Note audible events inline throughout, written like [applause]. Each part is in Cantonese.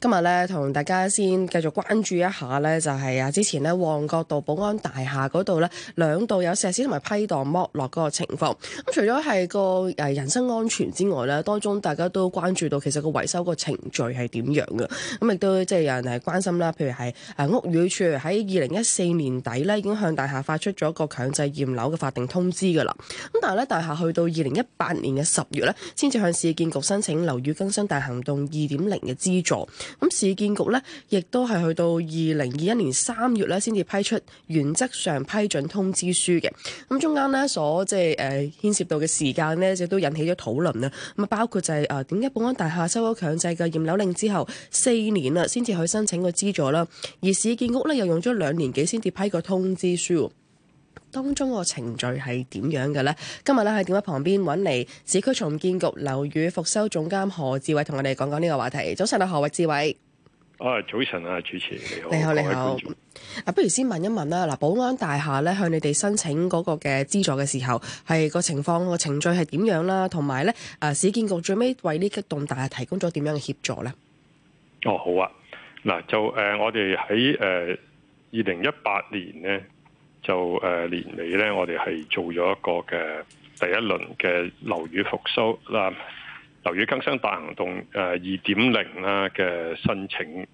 今日咧，同大家先繼續關注一下咧，就係啊，之前咧旺角道寶安大廈嗰度咧，兩度有石屎同埋批蕩剝落嗰個情況。咁、嗯、除咗係個人身安全之外咧，當中大家都關注到其實個維修個程序係點樣嘅。咁亦都即係有人係關心啦，譬如係屋宇署喺二零一四年底咧已經向大廈發出咗個強制驗樓嘅法定通知㗎啦。咁、嗯、但係咧，大廈去到二零一八年嘅十月咧，先至向市建局申請樓宇更新大行動二點零嘅資助。咁市建局咧，亦都係去到二零二一年三月咧，先至批出原則上批准通知書嘅。咁中間咧，所即係誒牽涉到嘅時間咧，亦都引起咗討論啦。咁啊，包括就係誒點解寶安大廈收咗強制嘅驗樓令之後四年啦，先至可以申請個資助啦。而市建局咧，又用咗兩年幾先至批個通知書。當中個程序係點樣嘅咧？今日咧喺電話旁邊揾嚟，市區重建局樓宇復修總監何志偉同我哋講講呢個話題。早晨啊，何志偉。啊，早晨啊，主持人你好，你好你好。嗱，不如先問一問啦，嗱，寶安大廈咧向你哋申請嗰個嘅資助嘅時候，係個情況個程序係點樣啦？同埋咧，誒，市建局最尾為呢棟大廈提供咗點樣嘅協助咧？哦，好啊，嗱，就、呃、誒，我哋喺誒二零一八年咧。就誒年尾咧，我哋係做咗一個嘅第一輪嘅樓宇復修啦，樓宇更新大行動誒二點零啦嘅申請，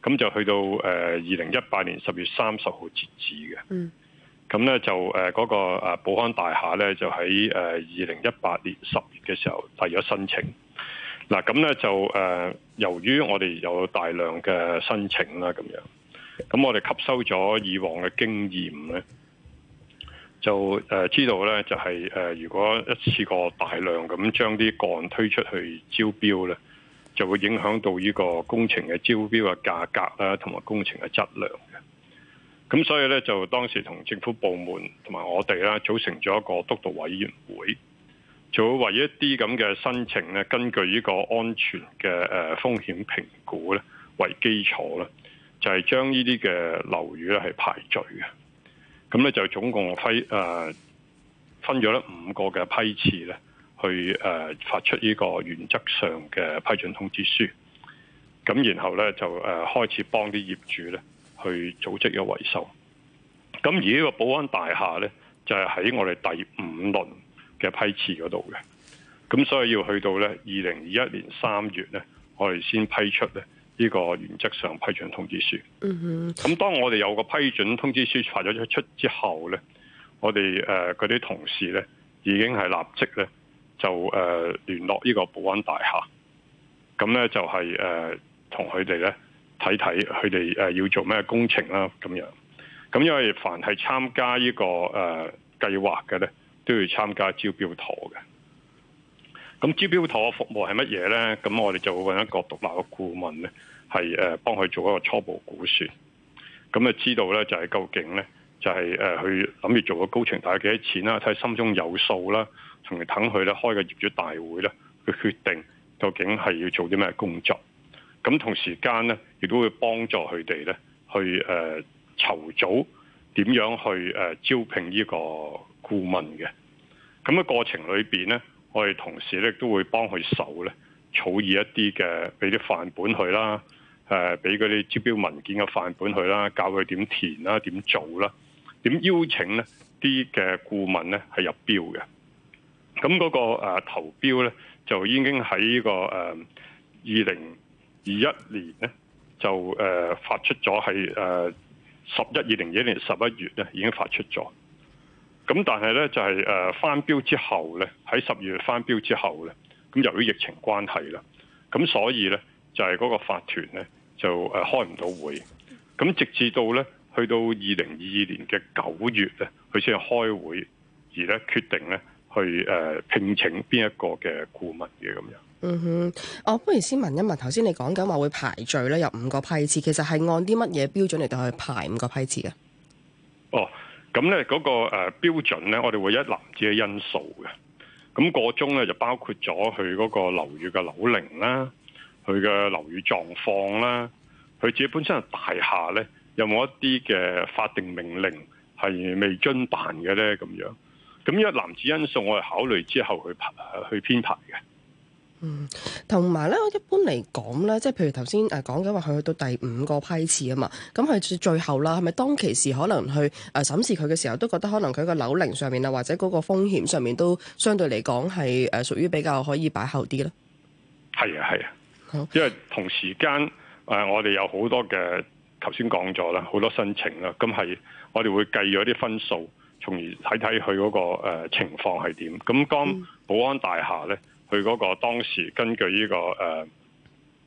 咁就去到誒二零一八年十月三十號截止嘅。嗯，咁咧就誒嗰個寶安大廈咧，就喺誒二零一八年十月嘅時候遞咗申請。嗱，咁咧就誒由於我哋有大量嘅申請啦，咁樣。咁我哋吸收咗以往嘅經驗咧，就誒、呃、知道咧，就係、是、誒、呃、如果一次過大量咁將啲個案推出去招標咧，就會影響到呢個工程嘅招標嘅價格啦、啊，同埋工程嘅質量嘅。咁所以咧，就當時同政府部門同埋我哋啦組成咗一個督導委員會，做為一啲咁嘅申請咧，根據呢個安全嘅誒、呃、風險評估咧為基礎啦。就係將呢啲嘅樓宇咧係排序嘅，咁咧就總共批誒、呃、分咗咧五個嘅批次咧去誒、呃、發出呢個原則上嘅批准通知書，咁然後咧就誒、呃、開始幫啲業主咧去組織嘅維修，咁而呢個寶安大廈咧就係、是、喺我哋第五輪嘅批次嗰度嘅。咁所以要去到咧二零二一年三月咧，我哋先批出咧，呢個原則上批准通知書。嗯哼。咁當我哋有個批准通知書發咗出出之後咧，我哋誒嗰啲同事咧已經係立即咧就誒聯絡呢個寶安大廈。咁咧就係誒同佢哋咧睇睇佢哋誒要做咩工程啦咁樣。咁因為凡係參加呢個誒計劃嘅咧，都要參加招標妥。咁招標妥嘅服務係乜嘢咧？咁我哋就搵一個獨立嘅顧問咧，係誒幫佢做一個初步估算。咁啊知道咧就係究竟咧就係誒去諗住做個高層大概幾多錢啦，睇下心中有數啦，同埋等佢咧開個業主大會咧去決定究竟係要做啲咩工作。咁同時間咧亦都會幫助佢哋咧去誒籌組點樣去誒、呃、招聘呢個顧問嘅。咁嘅過程裏邊咧，我哋同事咧都會幫佢手咧，草擬一啲嘅，俾啲範本佢啦，誒、呃，俾嗰啲招標文件嘅範本佢啦，教佢點填啦，點做啦，點邀請呢啲嘅顧問咧係入標嘅。咁、那、嗰個誒、啊、投標咧，就已經喺、這個呃、呢個誒二零二一年咧，就誒、呃、發出咗喺誒十一二零二一年十一月咧已經發出咗。咁但係咧就係誒翻標之後咧喺十月翻標之後咧，咁由於疫情關係啦，咁所以咧就係嗰個法團咧就誒開唔到會，咁直至到咧去到二零二二年嘅九月咧，佢先係開會而咧決定咧去誒聘請邊一個嘅顧問嘅咁樣。嗯哼，哦不如先問一問，頭先你講緊話會排序咧有五個批次，其實係按啲乜嘢標準嚟到去排五個批次嘅？哦。咁咧嗰個誒、呃、標準咧，我哋會一籃子嘅因素嘅。咁、那個中咧就包括咗佢嗰個樓宇嘅樓齡啦，佢嘅樓宇狀況啦，佢自己本身係大廈咧，有冇一啲嘅法定命令係未遵辦嘅咧？咁樣咁一籃子因素，我哋考慮之後去、啊、去編排去編排嘅。嗯，同埋咧，一般嚟講咧，即係譬如頭先誒講緊話，佢去到第五個批次啊嘛，咁係最後啦，係咪當其時可能去誒審視佢嘅時候，都覺得可能佢個樓齡上面啊，或者嗰個風險上面都相對嚟講係誒屬於比較可以擺後啲咧？係啊係啊，因為同時間誒我哋有好多嘅頭先講咗啦，好多申請啦，咁係我哋會計咗啲分數，從而睇睇佢嗰個誒情況係點。咁今寶安大廈咧。佢嗰個當時根據呢個誒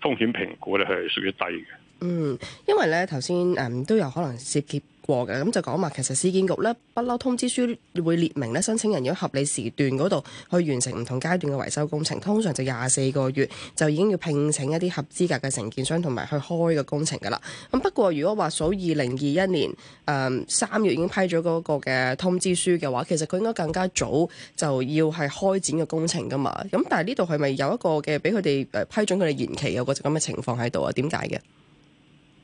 風險評估咧，係屬於低嘅。嗯，因為咧頭先誒都有可能涉及。咁就講嘛，其實市建局呢，不嬲通知書會列明呢，申請人要合理時段嗰度去完成唔同階段嘅維修工程，通常就廿四個月就已經要聘請一啲合資格嘅承建商同埋去開個工程噶啦。咁不過如果話數二零二一年誒三月已經批咗嗰個嘅通知書嘅話，其實佢應該更加早就要係開展嘅工程噶嘛。咁但係呢度係咪有一個嘅俾佢哋批准佢哋延期有個咁嘅情況喺度啊？點解嘅？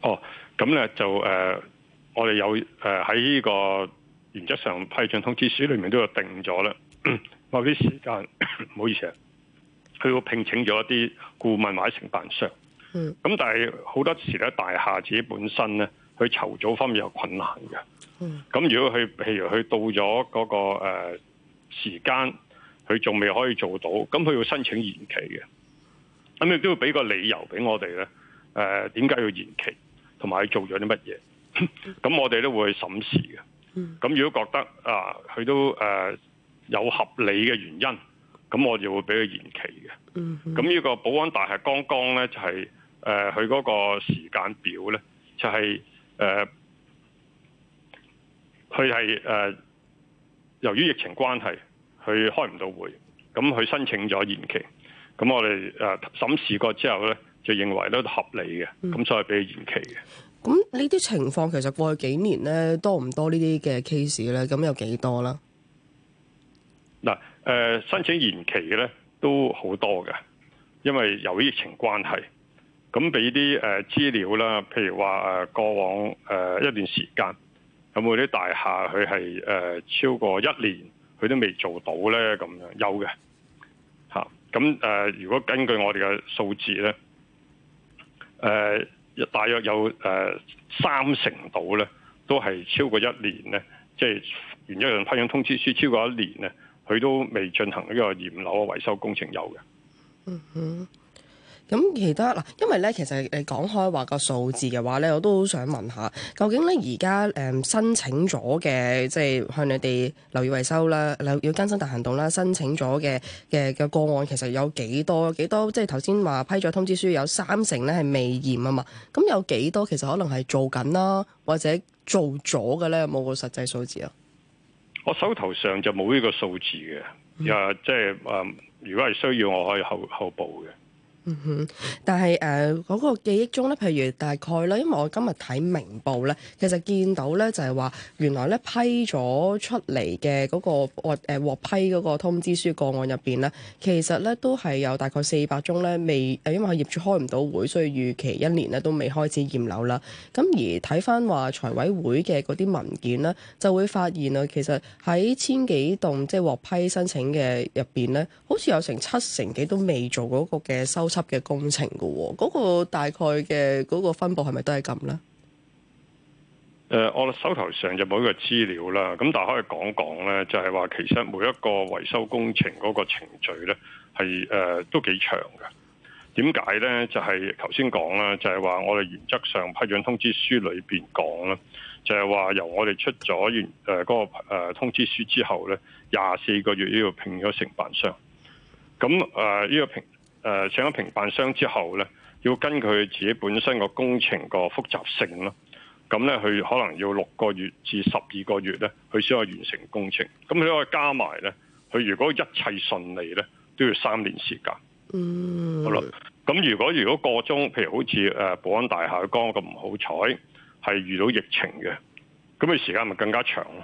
哦，咁咧就誒。呃我哋有誒喺呢個原則上批准通知書裏面都有定咗啦。某啲時間唔好意思啊，佢會聘請咗一啲顧問或者承辦商。嗯，咁但係好多時咧大廈自己本身咧佢籌組方面有困難嘅。嗯，咁如果佢譬如佢到咗嗰、那個誒、呃、時間，佢仲未可以做到，咁佢要申請延期嘅。咁你都要俾個理由俾我哋咧，誒點解要延期，同埋做咗啲乜嘢？咁 [laughs] 我哋都會去審視嘅，咁如果覺得啊，佢都誒、呃、有合理嘅原因，咁我就會俾佢延期嘅。咁、嗯、呢個寶安大廈剛剛呢，就係、是、誒，佢、呃、嗰個時間表呢，就係、是、誒，佢係誒由於疫情關係，佢開唔到會，咁佢申請咗延期，咁我哋誒審視過之後呢，就認為都合理嘅，咁所以俾佢延期嘅。咁呢啲情況其實過去幾年咧多唔多這些呢啲嘅 case 咧？咁有幾多啦？嗱，誒，申請延期咧都好多嘅，因為由於疫情關係，咁俾啲誒資料啦，譬如話誒過往誒、呃、一段時間有冇啲大廈佢係誒超過一年佢都未做到咧？咁樣有嘅吓，咁、啊、誒、呃、如果根據我哋嘅數字咧，誒、呃。大約有誒、呃、三成度咧，都係超過一年咧，即係完成批准通知書超過一年咧，佢都未進行呢個驗樓嘅維修工程有嘅。嗯哼。咁其他嗱、啊，因為咧，其實你講開話個數字嘅話咧，我都好想問下，究竟咧而家申請咗嘅，即係向你哋樓宇維修啦、樓宇更新大行動啦，申請咗嘅嘅嘅個案，其實有幾多？幾多？即係頭先話批咗通知書有三成咧係未驗啊嘛。咁有幾多其實可能係做緊啦，或者做咗嘅咧，冇個實際數字啊？我手頭上就冇呢個數字嘅，又即係如果係需要，我可以後後補嘅。嗯哼，但係誒嗰個記憶中咧，譬如大概咧，因為我今日睇明報咧，其實見到咧就係話原來咧批咗出嚟嘅嗰個獲批嗰個通知書個案入面，咧，其實咧都係有大概四百宗咧未誒，因為業主開唔到會，所以預期一年咧都未開始驗樓啦。咁而睇翻話財委會嘅嗰啲文件呢，就會發現啊，其實喺千幾棟即係獲批申請嘅入面咧，好似有成七成幾都未做嗰個嘅收級嘅工程噶，嗰個大概嘅嗰個分布係咪都係咁咧？誒、呃，我手頭上就冇呢個資料啦。咁但係可以講講咧，就係話其實每一個維修工程嗰個程序咧，係誒、呃、都幾長嘅。點解咧？就係頭先講啦，就係話我哋原則上批准通知書裏邊講啦，就係、是、話由我哋出咗原誒嗰個誒通知書之後咧，廿四個月呢度聘咗承辦商。咁誒呢個評？誒、呃、請咗評辦商之後咧，要根據自己本身個工程個複雜性咯，咁咧佢可能要六個月至十二個月咧，佢先可以完成工程。咁佢可以加埋咧，佢如果一切順利咧，都要三年時間。嗯，好啦。咁如果如果個中譬如好似誒寶安大廈嘅工咁唔好彩，係遇到疫情嘅，咁佢時間咪更加長咯。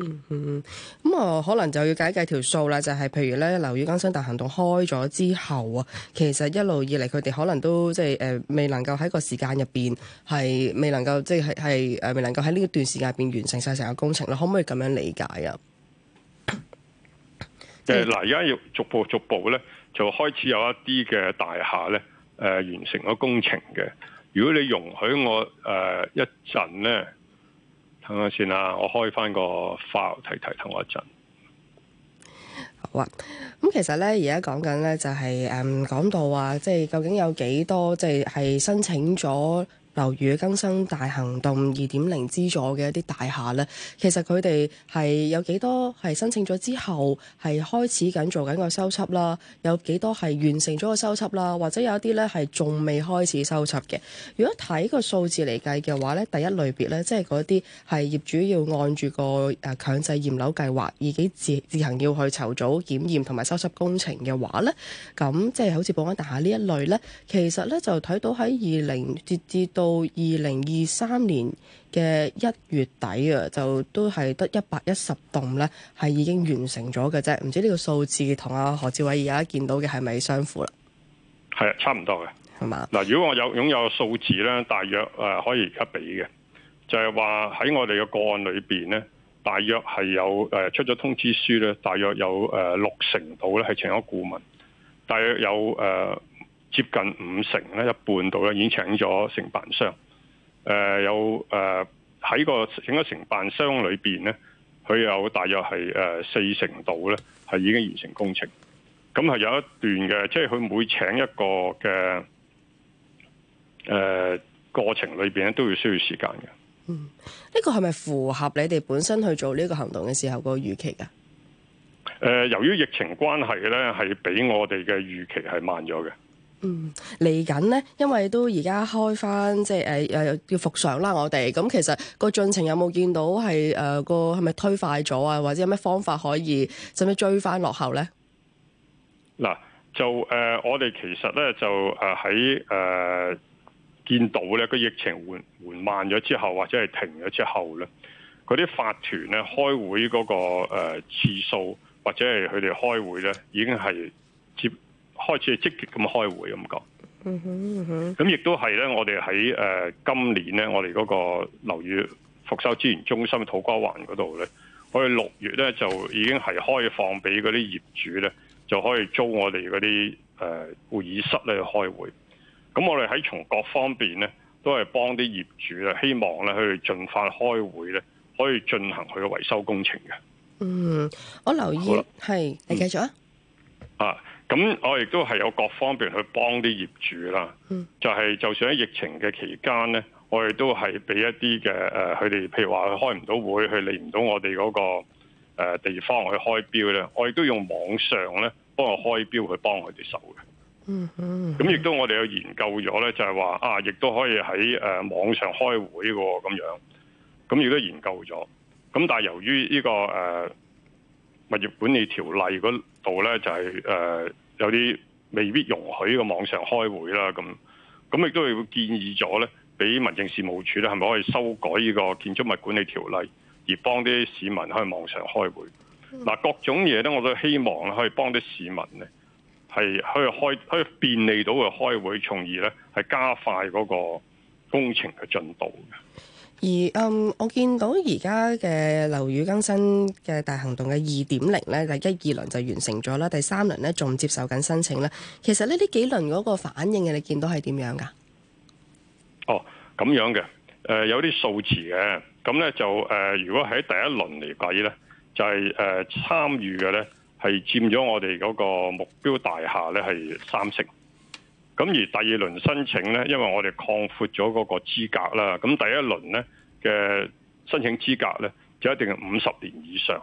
嗯嗯，咁啊，可能就要解計條數啦，就係、是、譬如咧，樓宇更新大行動開咗之後啊，其實一路以嚟佢哋可能都即係誒、呃，未能夠喺個時間入邊係未能夠即係係誒，未能夠喺呢段時間入邊完成晒成個工程啦，可唔可以咁樣理解啊？誒、呃，嗱，而家要逐步逐步咧，就開始有一啲嘅大廈咧，誒、呃，完成咗工程嘅。如果你容許我誒、呃、一陣咧。等我先啦，我開翻個 file 睇睇，等我一陣。好啊，咁、嗯、其實咧而家講緊咧就係、是，誒、嗯、講到話，即、就、係、是、究竟有幾多，即係係申請咗。樓宇更新大行動二點零資助嘅一啲大廈咧，其實佢哋係有幾多係申請咗之後係開始緊做緊個修葺啦，有幾多係完成咗個修葺啦，或者有一啲咧係仲未開始修葺嘅。如果睇個數字嚟計嘅話咧，第一類別咧，即係嗰啲係業主要按住個誒，強制驗樓計劃自己自自行要去籌組檢驗同埋修葺工程嘅話咧，咁即係好似寶安大廈呢一類咧，其實咧就睇到喺二零截至到。到二零二三年嘅一月底啊，就都係得一百一十棟咧，係已經完成咗嘅啫。唔知呢個數字同阿何志偉而家見到嘅係咪相符啦？係啊，差唔多嘅，係嘛？嗱，如果我有擁有數字咧，大約誒可以而家俾嘅，就係話喺我哋嘅個案裏邊咧，大約係有誒出咗通知書咧，大約有誒六成度咧，係請咗顧問，大約有誒。呃接近五成咧，一半度咧已經請咗承辦商。誒、呃，有誒喺、呃、個請咗承辦商裏邊咧，佢有大約係誒、呃、四成度咧係已經完成工程。咁係有一段嘅，即係佢每請一個嘅誒、呃、過程裏邊咧，都要需要時間嘅。嗯、呢、這個係咪符合你哋本身去做呢個行動嘅時候個預期㗎？誒、呃，由於疫情關係咧，係比我哋嘅預期係慢咗嘅。嗯，嚟緊呢，因為都而家開翻，即係誒誒，要復常啦，我哋咁，其實個進程有冇見到係誒個係咪推快咗啊？或者有咩方法可以使唔使追翻落後呢？嗱，就誒、呃，我哋其實呢，就誒喺誒見到呢個疫情緩緩慢咗之後，或者係停咗之後呢，嗰啲法團呢，開會嗰、嗰個誒、呃、次數或者係佢哋開會呢，已經係。開始係積極咁開會咁講，咁、嗯、亦、嗯、都係呢。我哋喺誒今年呢，我哋嗰個樓宇復修資源中心土瓜灣嗰度呢，我哋六月呢就已經係開放俾嗰啲業主呢，就可以租我哋嗰啲誒會議室咧去開會。咁我哋喺從各方面呢，都係幫啲業主咧，希望咧去盡快開會呢，可以進行佢嘅維修工程嘅。嗯，我留意，係你繼續啊、嗯。啊！咁我亦都係有各方面去幫啲業主啦，就係就算喺疫情嘅期間咧，我亦都係俾一啲嘅誒，佢哋譬如話佢開唔到會，佢嚟唔到我哋嗰個、呃、地方去開標咧，我亦都用網上咧幫佢開標去幫佢哋手嘅。嗯嗯。咁亦都我哋有研究咗咧，就係話啊，亦都可以喺誒、呃、網上開會個、哦，咁樣。咁亦都研究咗。咁但係由於呢個、誒、呃、物業管理條例嗰度咧就係、是、誒、呃、有啲未必容許個網上開會啦，咁咁亦都會建議咗咧，俾民政事務處咧係咪可以修改呢個建築物管理條例，而幫啲市民喺網上開會。嗱，各種嘢咧，我都希望可以幫啲市民咧係可以開可以便利到佢開會，從而咧係加快嗰個工程嘅進度的。而嗯，我見到而家嘅樓宇更新嘅大行動嘅二點零咧，第一二輪就完成咗啦，第三輪咧仲接受緊申請啦。其實咧呢呢幾輪嗰個反應嘅，你見到係點樣㗎？哦，咁樣嘅，誒有啲數字嘅，咁咧就誒、呃，如果喺第一輪嚟計咧，就係、係、誒、呃、參與嘅咧，係佔咗我哋嗰個目標大廈咧係三成。咁而第二輪申請呢，因為我哋擴闊咗嗰個資格啦。咁第一輪呢嘅申請資格呢，就一定係五十年以上，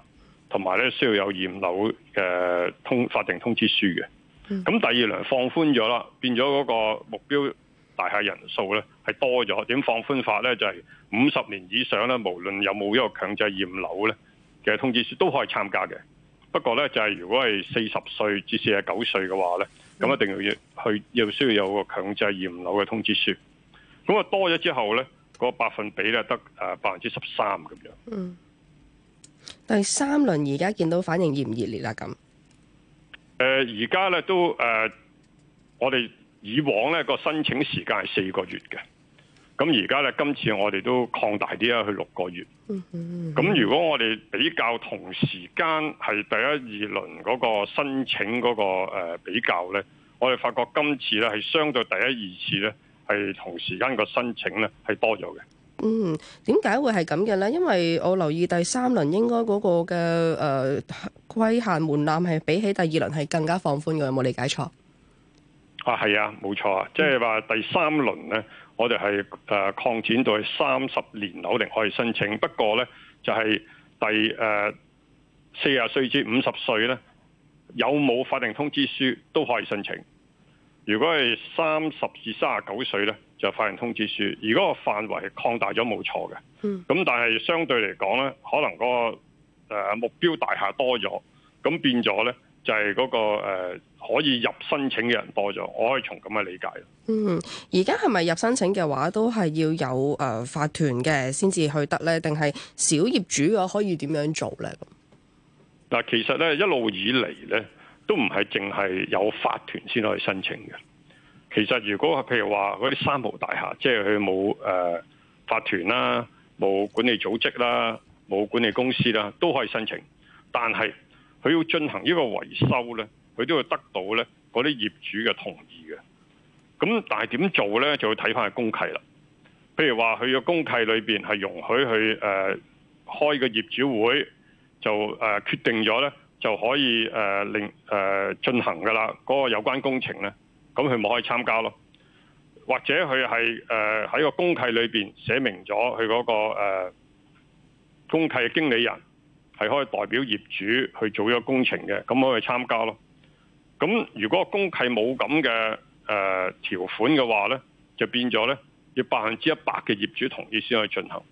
同埋呢需要有驗樓嘅通法定通知書嘅。咁、嗯、第二輪放寬咗啦，變咗嗰個目標大廈人數呢係多咗。點放寬法呢？就係五十年以上呢，無論有冇一個強制驗樓呢嘅通知書都可以參加嘅。不過呢，就係、係、如果係四十歲至四十九歲嘅話呢。咁一定要去，又需要有個強制驗樓嘅通知書。咁啊多咗之後咧，嗰個百分比咧得誒百分之十三咁樣。嗯，第三輪而家見到反應熱唔熱烈啊？咁、呃、誒，而家咧都誒、呃，我哋以往咧個申請時間係四個月嘅。咁而家咧，今次我哋都擴大啲啦，去六個月。咁、嗯嗯、如果我哋比較同時間係第一二輪嗰個申請嗰個比較呢，我哋發覺今次呢係相對第一二次呢係同時間個申請呢係多咗嘅。嗯，點解會係咁嘅呢？因為我留意第三輪應該嗰個嘅誒、呃、規限門檻係比起第二輪係更加放寬嘅，有冇理解錯？啊，係啊，冇錯啊，即係話第三輪呢。嗯我哋係誒擴展到係三十年樓齡可以申請，不過呢，就係第誒四十歲至五十歲呢，有冇法定通知書都可以申請。如果係三十至三十九歲呢，就法定通知書，如果個範圍擴大咗冇錯嘅。咁但係相對嚟講呢，可能嗰個目標大廈多咗，咁變咗呢。就係、是、嗰個誒可以入申請嘅人多咗，我可以從咁嘅理解。嗯，而家係咪入申請嘅話都係要有誒、呃、法團嘅先至去得呢？定係小業主嘅可以點樣做呢？嗱，其實呢，一路以嚟呢，都唔係淨係有法團先可以申請嘅。其實如果譬如話嗰啲三無大廈，即係佢冇誒法團啦，冇管理組織啦，冇管理公司啦，都可以申請，但係。佢要進行呢個維修呢，佢都會得到呢嗰啲業主嘅同意嘅。咁但係點做呢？就要睇翻個公契啦。譬如話佢嘅公契裏面係容許去、呃、開個業主會，就、呃、決定咗呢，就可以、呃呃、進行噶啦。嗰、嗰個有關工程呢，咁佢咪可以參加咯。或者佢係喺個公契裏面寫明咗佢嗰個工、呃、公契經理人。係可以代表業主去做咗工程嘅，咁可以參加咯。咁如果公契冇咁嘅誒條款嘅話咧，就變咗咧要百分之一百嘅業主同意先可以進行。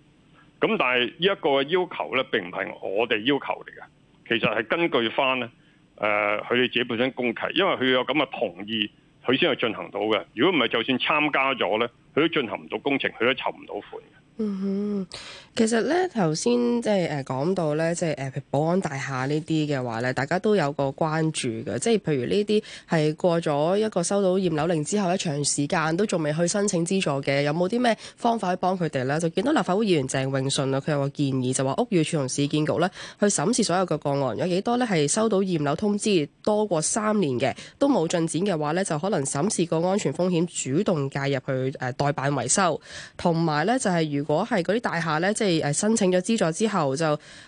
咁但係呢一個要求咧並唔係我哋要求嚟嘅，其實係根據翻咧誒佢哋自己本身公契，因為佢有咁嘅同意，佢先去進行到嘅。如果唔係，就算參加咗咧，佢都進行唔到工程，佢都籌唔到款嘅。嗯哼，其實咧頭先即係誒講到咧，即係誒寶安大廈呢啲嘅話咧，大家都有個關注嘅，即係譬如呢啲係過咗一個收到驗樓令之後咧長時間都仲未去申請資助嘅，有冇啲咩方法去幫佢哋咧？就見到立法會議員鄭泳舜啊，佢有個建議就話屋宇署同市建局咧去審視所有嘅個案，有幾多咧係收到驗樓通知多過三年嘅都冇進展嘅話咧，就可能審視個安全風險，主動介入去誒、呃、代辦維修，同埋咧就係、是。如。如果係嗰啲大廈咧，即係誒申請咗資助之後，就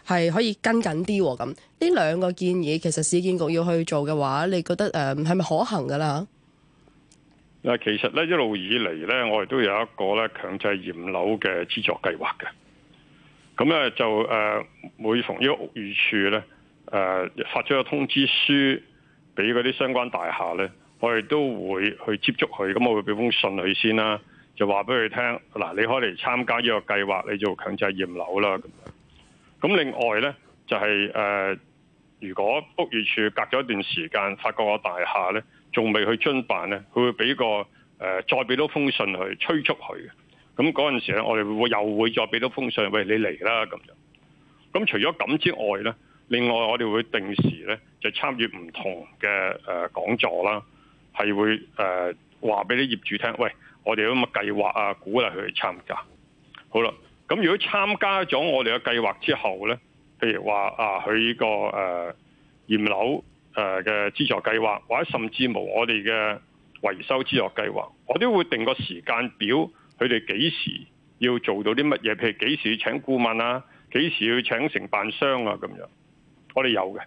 係可以跟緊啲咁。呢兩個建議，其實市建局要去做嘅話，你覺得誒係咪可行噶啦？嗱，其實咧一路以嚟咧，我哋都有一個咧強制驗樓嘅資助計劃嘅。咁咧就誒、呃，每逢呢個屋宇署咧誒發咗個通知書俾嗰啲相關大廈咧，我哋都會去接觸佢，咁我會俾封信佢先啦。就話俾佢聽，嗱，你可以嚟參加呢個計劃，你就強制驗樓啦。咁樣，咁另外呢，就係、是、誒、呃，如果屋宇署隔咗一段時間發覺我大廈呢仲未去遵辦他、呃、他他呢，佢會俾個誒再俾多封信去催促佢。咁嗰陣時呢，我哋會又會再俾多封信，喂，你嚟啦。咁樣，咁除咗咁之外呢，另外我哋會定時呢，就參與唔同嘅誒、呃、講座啦，係會誒話俾啲業主聽，喂。我哋咁嘅計劃啊，鼓勵佢去參加。好啦，咁如果參加咗我哋嘅計劃之後呢，譬如話啊，佢呢、這個誒驗樓誒嘅資助計劃，或者甚至冇我哋嘅維修資助計劃，我都會定個時間表，佢哋幾時要做到啲乜嘢？譬如幾時要請顧問啊，幾時去請承辦商啊，咁樣我哋有嘅。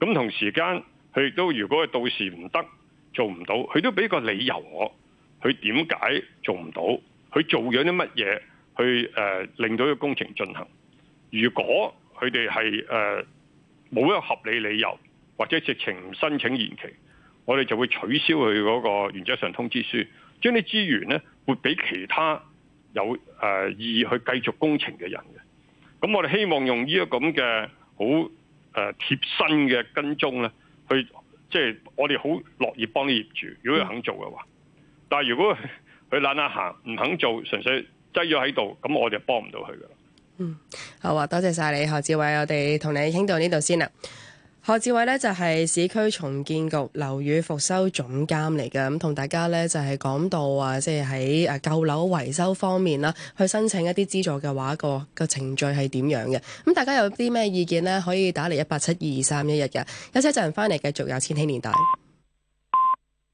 咁同時間佢亦都，如果到時唔得做唔到，佢都俾個理由我。佢點解做唔到？佢做咗啲乜嘢去誒、呃、令到個工程進行？如果佢哋係誒冇一個合理理由，或者直情唔申請延期，我哋就會取消佢嗰個原則上通知書，將啲資源呢撥俾其他有誒、呃、意去繼續工程嘅人嘅。咁我哋希望用呢一個咁嘅好誒貼身嘅跟蹤呢去即係、就是、我哋好樂意幫啲業主，如果佢肯做嘅話。嗯但係如果佢懶懶行唔肯做，純粹擠咗喺度，咁我哋就幫唔到佢噶啦。嗯，好啊，多謝晒你何志偉，我哋同你傾到呢度先啦。何志偉呢，就係市區重建局樓宇復修總監嚟噶，咁同大家呢，就係講到話，即係喺誒舊樓維修方面啦，去申請一啲資助嘅話，個個程序係點樣嘅？咁大家有啲咩意見呢？可以打嚟一八七二二三一一嘅。有請陣人翻嚟，繼續有千禧年代。